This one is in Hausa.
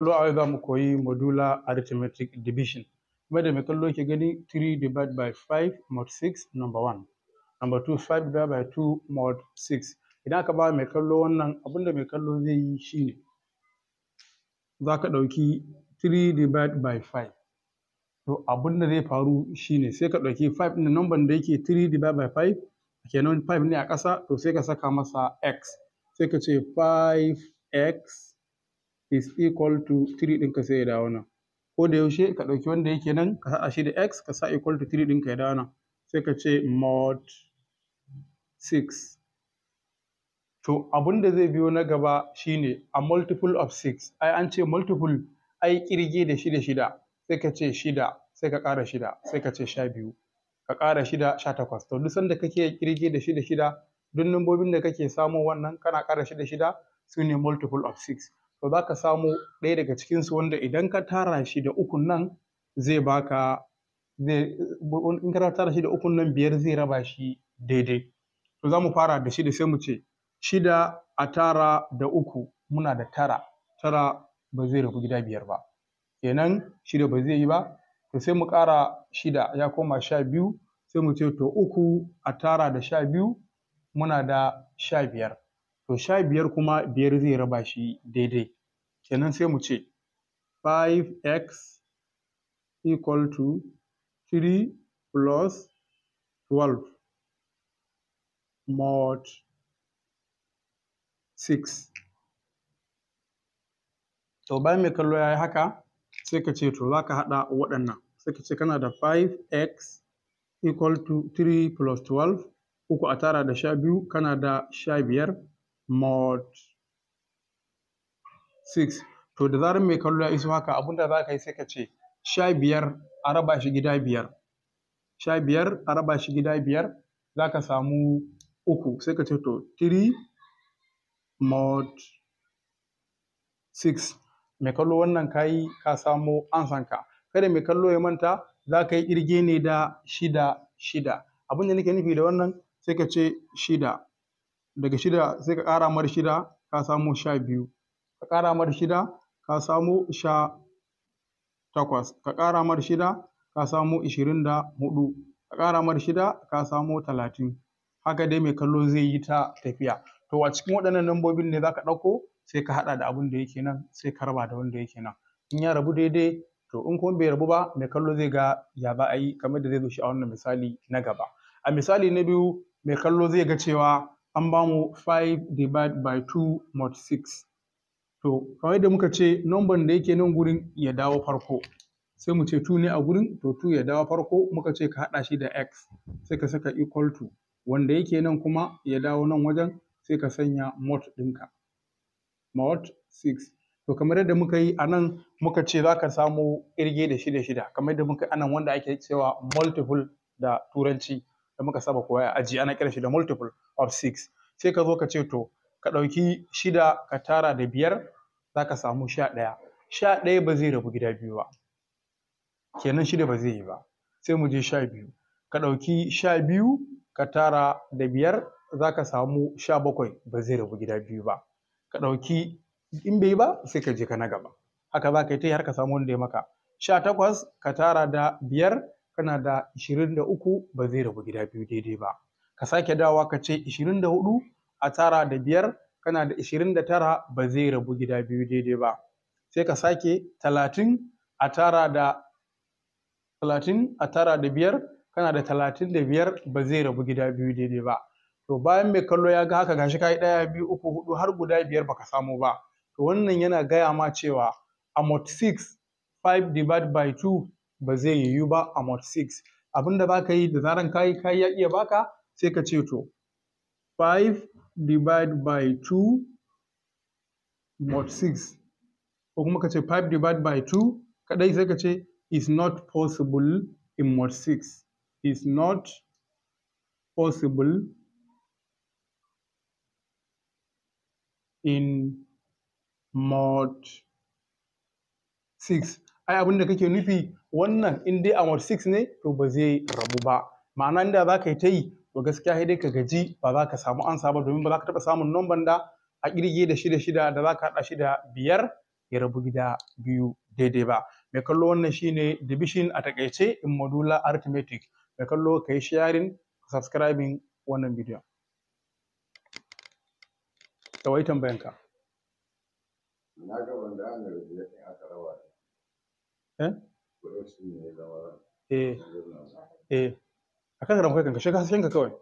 Zuwa yau za mu koyi modular arithmetic division. Kuma da mai kallo ke gani 3 divided by 5 mod 6 number 1. Number 2 5 divided by 2 mod 6. Idan aka ba mai kallo wannan abinda mai kallo zai yi shine za ka ɗauki 3 divided by 5. To abinda zai faru shine sai ka ɗauki 5 ɗin number da yake 3 divided by 5 kenan 5 ne a ƙasa to sai ka saka masa x sai ka ce 5x is equal to 3 ɗinka sai ya dawo nan ko da yaushe ka ɗauki wanda yake nan ka haɗa shi da x ka sa equal to 3 ɗinka ya dawo nan sai ka ce mod 6 to abin da zai biyo na gaba shine a multiple of 6 ai an ce multiple ai kirge da shida shida sai ka ce shida sai ka ƙara shida sai ka ce sha biyu ka ƙara shida sha takwas to duk sanda kake kirge da shida shida duk lambobin da kake samu wannan kana ƙara shida shida su ne multiple of 6 to za ka samu ɗaya daga cikinsu wanda idan ka tara shi da ukun nan zai baka in ka tara shi da ukun nan biyar zai raba shi daidai to za mu fara da shida sai mu ce shida a tara da uku muna da tara tara ba zai rabu gida biyar ba kenan shida ba zai yi ba to sai mu ƙara shida ya koma sha biyu sai mu ce to uku a tara da sha biyu muna da sha biyar to sha biyar kuma biyar zai raba shi daidai kenan sai mu ce 5x equal to 3 plus 12 mod 6 to bayan mai kallo ya yi haka sai ka ce to za ka haɗa waɗannan sai ka ce kana da 5x equal to 3 plus 12 uku a tara da sha biyu kana da sha biyar mod 6 to da zarar mai kallo ya iso haka abinda za ka yi sai ka ce sha biyar a raba shi gida biyar sha biyar a raba shi gida biyar za ka samu uku sai ka ce to 3 mod 6 mai kallo wannan ka yi ka samo ansanka kada mai kallo ya manta za ka yi kirge ne da shida shida abin da nake nufi da wannan sai ka ce shida daga shida sai ka ƙara mar shida ka samo sha biyu ka ƙara mar shida ka samo sha takwas ka ƙara mar shida ka samo ishirin da hudu ka ƙara mar shida ka samo talatin haka dai mai kallo zai yi ta tafiya to a cikin waɗannan lambobin ne za ka ɗauko sai ka haɗa da abin da yake nan sai ka raba da wanda yake nan in ya rabu daidai to in kuma bai rabu ba mai kallo zai ga ya ba a yi kamar da zai zo shi a wannan misali na gaba a misali na biyu mai kallo zai ga cewa an ba mu 5 divided by 2 mod 6 to kamar yadda muka ce nomban da yake nan gurin ya dawo farko sai mu ce tu ne a gurin to tu ya dawo farko muka ce ka haɗa shi da x sai ka saka equal to wanda yake nan kuma ya dawo nan wajen sai ka sanya mod ɗinka mod 6 to kamar yadda muka yi a nan muka ce za ka samu ƙirge da shida shida kamar yadda muka anan wanda ake cewa multiple da turanci da muka saba koya a aji ana kira shi da multiple of 6 sai ka zo ka ce to ka ɗauki shida ka tara da biyar za ka samu sha ɗaya sha ɗaya ba zai rabu gida biyu ba kenan shida ba zai yi ba sai mu je sha biyu ka ɗauki sha biyu ka tara da biyar za ka samu sha bakwai ba zai rabu gida biyu ba ka ɗauki in bai ba sai ka je ka na gaba haka za ka yi ta har ka samu wanda ya maka sha takwas ka tara da biyar kana da ishirin da uku ba zai rabu gida biyu daidai ba ka sake dawa ka ce ishirin da hudu a tara da biyar kana da ishirin da tara ba zai rabu gida biyu daidai ba sai ka sake talatin a tara da talatin a tara da biyar kana da talatin da biyar ba zai rabu gida biyu daidai ba to bayan mai kallo ya ga haka gashi kayi ɗaya biyu uku hudu har guda biyar baka samu ba to wannan yana gaya ma cewa a mod 6 5 divided by 2 ba zai yiwu ba a mod 6 abinda baka yi da zaran kayi kayi ya iya baka sai ka ce to 5 divide by 2 mod 6 ko kuma ka ce 5 divide by 2 kadai sai ka ce is not possible in mod 6 is not possible in mod 6 ai abin da kake nufi wannan in dai a mod 6 ne to ba zai rabu ba ma'ana inda za ka yi ta yi to gaskiya sai dai ka gaji ba za ka samu ansa ba domin ba za ka taɓa samun nomban da a ƙirge da shida shida da za ka haɗa shi da biyar ya rabu gida biyu daidai ba mai kallo wannan shine division a taƙaice in modula arithmetic mai kallo ka yi sharing subscribing wannan bidiyon tambayanka na ga wanda an aka rawa eh eh eh akan rankwai kanka shi ka hasken ka kawai